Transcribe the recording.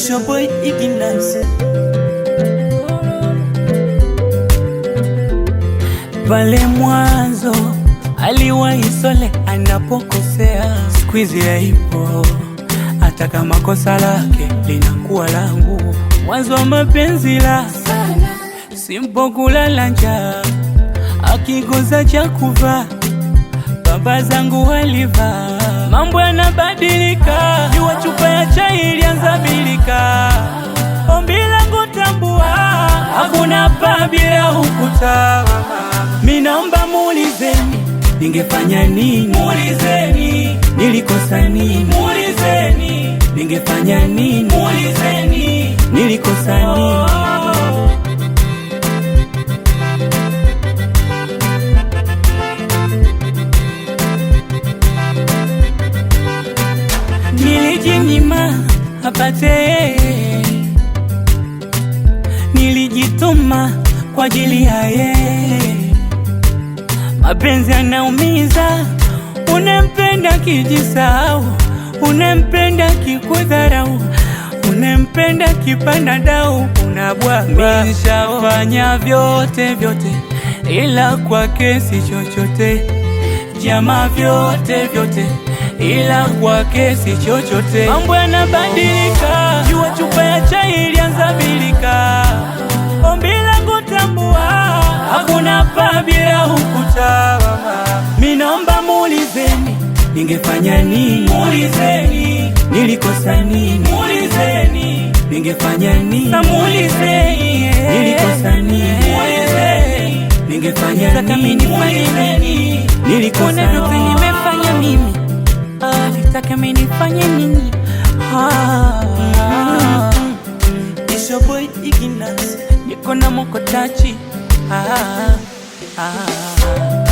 It's your boy Ignace. Pale mwanzo aliwahi Sole anapokosea, squeeze yaipo hata kama kosa lake linakuwa langu. Mwanzo wa mapenzi la simpo kulala njaa, akigoza cha kuvaa baba zangu walivaa, mambo yanabadilika, jua chupa ya hapa bila ukuta. Mi Minaomba muulizeni, ningefanya nini? Muulizeni, nilikosa nini? Muulizeni, ningefanya nini? Muulizeni, nilikosa nini? Oh. Nilijinyima apate mama kwa ajili ya yeye. Mapenzi yanaumiza, unempenda kijisahau, unempenda kikudharau, unempenda kipanda dau, unabwaga. Nishafanya vyote vyote, ila kwake si chochote jama vyote vyote ila kwake si chochote. Mambo yanabadilika, jua chupa ya chai ilianza bilika bila hukutawama? Minomba mulizeni, ningefanya nini? Mulizeni, nilikosa nini? Mulizeni, ningefanya nini? Mulizeni, nilikosa nini? Mulizeni, ningefanya nini? Mulizeni, nilikosa nini? Nimefanya mimi alitaka ah, minifanye nini? Ah. Ishoboy Ignace, niko na mokotachi ah. ആ